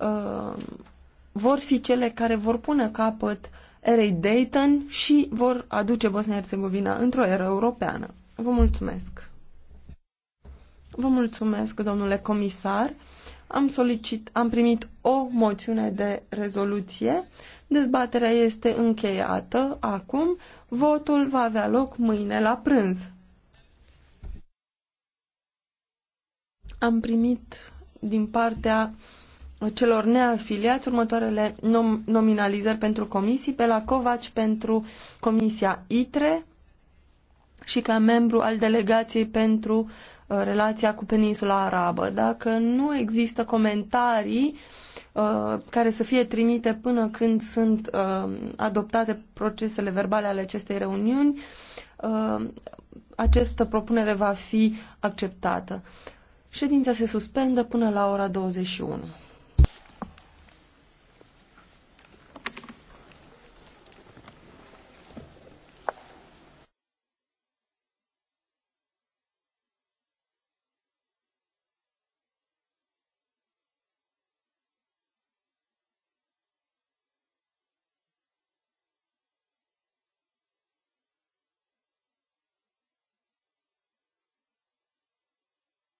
Uh, vor fi cele care vor pune capăt erei Dayton și vor aduce Bosnia-Herzegovina într-o eră europeană. Vă mulțumesc! Vă mulțumesc, domnule comisar. Am, solicit, am primit o moțiune de rezoluție. Dezbaterea este încheiată acum. Votul va avea loc mâine la prânz. Am primit din partea celor neafiliați următoarele nom- nominalizări pentru comisii, pe la Covaci pentru Comisia ITRE și ca membru al delegației pentru uh, relația cu peninsula arabă. Dacă nu există comentarii uh, care să fie trimite până când sunt uh, adoptate procesele verbale ale acestei reuniuni, uh, această propunere va fi acceptată. Ședința se suspendă până la ora 21.